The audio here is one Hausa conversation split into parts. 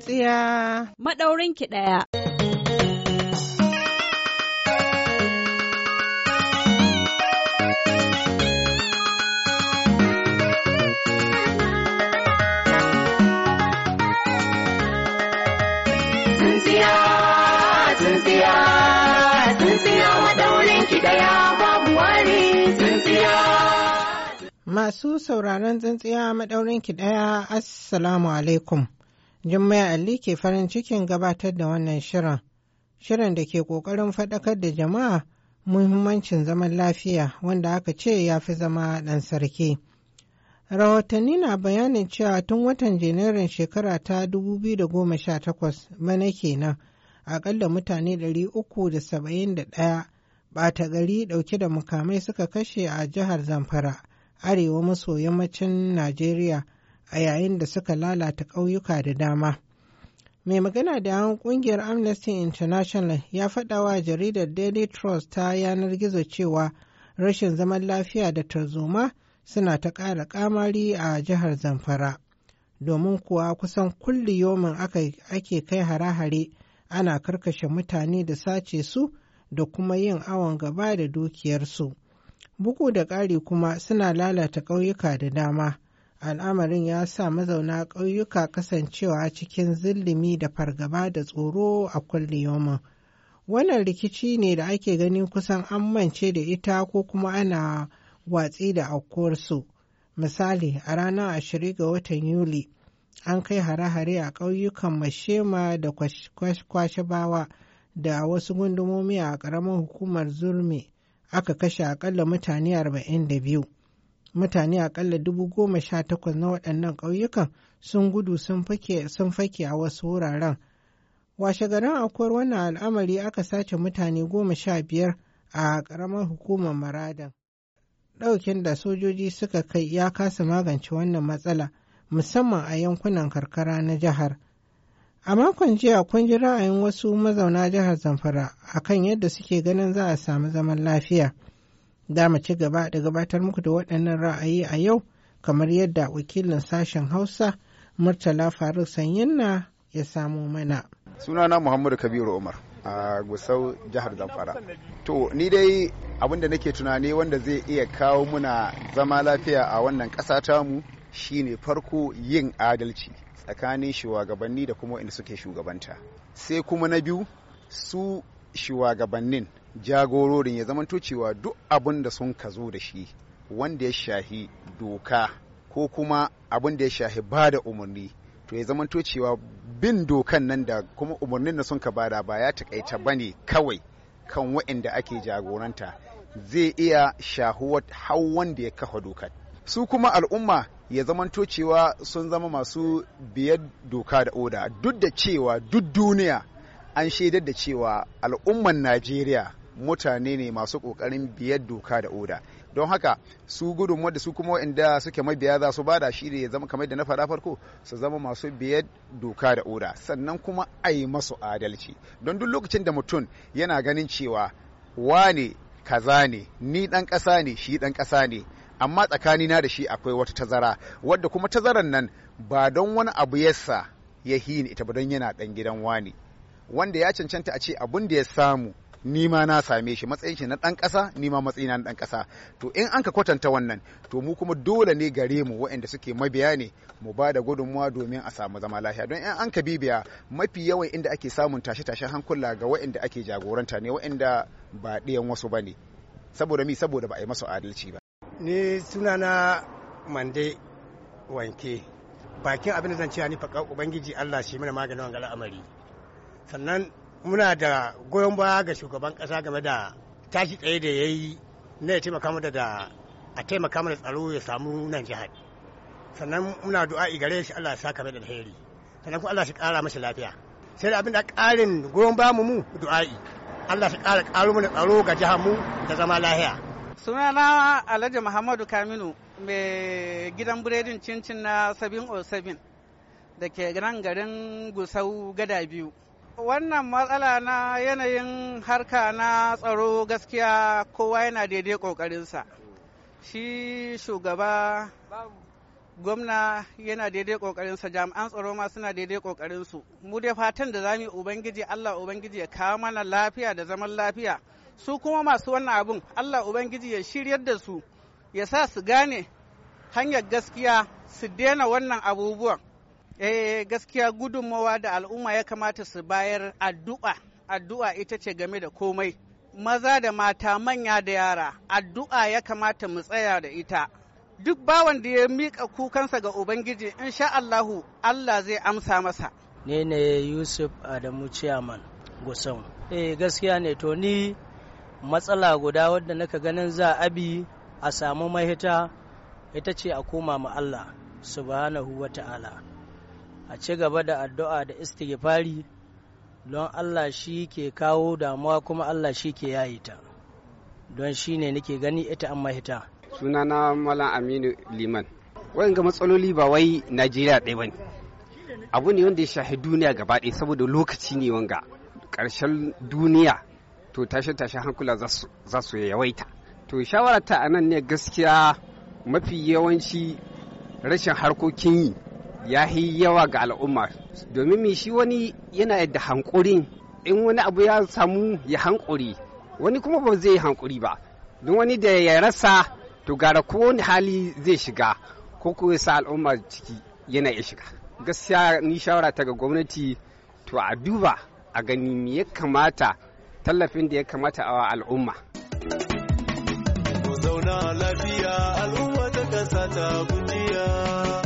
tsiya. ki ɗaya. Tsintsiya, ki Masu sauraron tsintsiya maɗaurin ki ɗaya, Assalamu alaikum. Jummai Ali ke farin cikin gabatar da wannan shirin. Shirin da ke ƙoƙarin faɗakar da jama'a muhimmancin zaman lafiya wanda aka ce ya fi zama ɗan sarki. Rahotanni na bayanin cewa tun watan Janairun shekara ta 2018 bana kenan aƙalla mutane 371 ɓata gari ɗauke da mukamai suka kashe a jihar Zamfara, arewa maso yammacin Najeriya. a yayin da suka lalata ƙauyuka da dama. Mai magana da yawon ƙungiyar Amnesty International ya faɗa wa jaridar Daily Trust ta yanar gizo cewa rashin zaman lafiya da tarzoma suna ta ƙara ƙamari a jihar Zamfara. Domin kuwa kusan kulli yomin ake kai hare-hare ana karkashe mutane da sace su da kuma yin awon gaba da dukiyarsu. Bugu da ƙari kuma suna lalata ƙauyuka da dama. al'amarin ya sa mazauna ƙauyuka kasancewa cikin zillimi da fargaba da tsoro a kulle yomin wannan rikici ne da ake ganin kusan an mance da ita ko kuma ana watsi da aukuwarsu misali a ranar 20 ga watan yuli an kai hare-hare a ƙauyukan mashema da kwashebawa da wasu gundumomi a ƙaramin hukumar zurmi aka kashe akalla mutane 42 mutane akalla dubu goma sha takwas na waɗannan ƙauyukan sun gudu sun fake a wasu wuraren. Washe garin akwai wannan al'amari aka sace mutane goma sha biyar a ƙaramar hukumar Maradan. Ɗaukin da sojoji suka kai ya kasa magance wannan matsala musamman a yankunan karkara na jihar. A makon jiya kun ji ra'ayin wasu mazauna jihar Zamfara akan yadda suke ganin za a samu zaman lafiya. Da mu ci gaba da gabatar muku da waɗannan ra'ayi a yau kamar yadda wakilin sashen Hausa Murtala Faruk Sanyinna ya samo mana. Sunana Muhammadu Kabiru Umar a Gusau jihar Zamfara. To ni dai abin da nake tunani wanda zai iya kawo muna zama lafiya a wannan ƙasa tamu shine farko yin adalci tsakanin shugabanni da kuma inda suke shugabanta. Sai kuma na biyu su shugabannin jagororin ya zamanto cewa duk abin da sun ka zo da shi wanda ya shahi doka ko kuma abin da ya shahi ba da umarni to ya zamanto cewa bin dokan nan da kuma umarnin da sun ka bada ba ya takaita ba ne kawai kan da ake jagoranta zai iya shahuwar har wanda ya kafa dokar su kuma al'umma ya zamanto cewa sun zama masu biyar doka da oda duk da cewa duk duniya an shaidar da cewa al'umman najeriya mutane ne masu kokarin biyar doka da oda don haka su gudun wadda su kuma inda suke mabiya za su bada shi da ya zama kamar da na faɗa farko su zama masu biyar doka da oda sannan kuma a yi masu adalci don duk lokacin da mutum yana ganin cewa wane kaza ne ni dan kasa ne shi dan kasa ne amma tsakanina da shi akwai wata tazara wadda kuma tazaran nan ba don wani abu yasa ya hini ita ba don yana dan gidan wani wanda ya cancanta a ce abun da ya samu ni ma na same shi matsayin shi na dan kasa ni ma matsayina na dan kasa to in an ka kwatanta wannan to mu kuma dole ne gare mu waɗanda suke mabiya ne mu ba da gudunmuwa domin a samu zama lafiya don in an ka bibiya mafi yawan inda ake samun tashe-tashen hankula ga waɗanda ake jagoranta ne waɗanda ba ɗiyan wasu ba ne saboda mi saboda ba a yi masu adalci ba ni sunana mande wanke bakin abin da zan ce ni faƙa ubangiji Allah shi mana maganin wangala al'amari sannan muna da goyon baya ga shugaban kasa game da tashi tsaye da ya yi na ya taimaka mata da a taimaka mana tsaro ya samu nan jihar sannan muna du'a'i gare shi Allah ya saka mai da alheri sannan kuma Allah shi kara masa lafiya sai da abin da karin goyon ba mu mu du'a'i Allah shi kara karo mana tsaro ga jihar mu da zama lahiya sunana Alhaji Muhammadu Kaminu mai gidan biredin cincin na Sabin Osabin oh da ke nan garin Gusau Gada biyu wannan matsala na yanayin harka na tsaro gaskiya kowa yana daidai kokarinsa shi shugaba gwamna yana daidai kokarinsa jami'an tsaro ma suna daidai kokarinsu mu dai fatan da zami ubangiji allah ubangiji ya kawo mana lafiya da zaman lafiya su kuma masu wannan abun allah ubangiji ya shiryar da su ya sa su gane hanyar gaskiya su daina wannan abubuwan Eh gaskiya gudunmawa da al'umma ya kamata su bayar addu'a. Addu'a ita ce game da komai. Maza da mata manya da yara addu'a ya kamata mu tsaya da ita. Duk bawan da ya miƙa kukansa ga Ubangiji in sha Allahu Allah zai amsa masa. Ne ne Yusuf Adamu chairman Gusau. Eh gaskiya ne to ni matsala guda wadda naka ganin za a bi a samu mahita ita ce a koma ma Allah subhanahu wa ta'ala. a ci gaba da addu'a da istighfari don Allah shi ke kawo damuwa kuma Allah shi ke yayi ta don shi ne nake gani ita an mahita na malam aminu liman ga matsaloli ba wai najeriya ɗaya bane abu ne wanda ya shahi duniya gaba ɗaya saboda lokaci ne wanga ƙarshen duniya to tashe-tashe hankula za su yawaita to shawarata a nan ne gaskiya mafi yawanci rashin harkokin yi ya yi yawa ga al'umma domin me shi wani yana da hankuri in wani abu ya samu ya hankuri wani kuma ba zai yi hankuri ba don wani da ya rasa to gara ko wani hali zai shiga ko ko ya sa al'umma ciki yana ya shiga gaskiya ni shawara ta ga gwamnati to a duba a gani me ya kamata tallafin da ya kamata a al'umma zauna lafiya al'umma ta kasa ta gujiya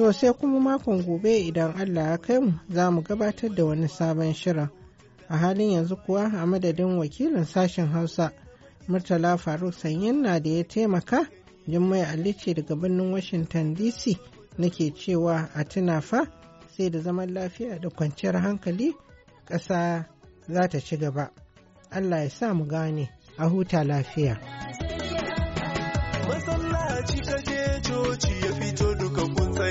To sai kuma makon gobe idan Allah ya kai mu za mu gabatar da wani sabon shirin. A halin yanzu kuwa a madadin wakilin sashen Hausa, Murtala Faruk Sanyin na da ya taimaka, Jummai Ali ce daga birnin Washington DC nake cewa a tuna fa sai da zaman lafiya da kwanciyar hankali ƙasa za ta ci gaba. Allah ya sa mu gane a huta lafiya. Masallaci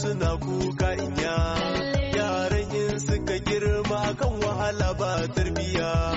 suna kuka inya yaran in suka girma kan wahala ba tarbiyya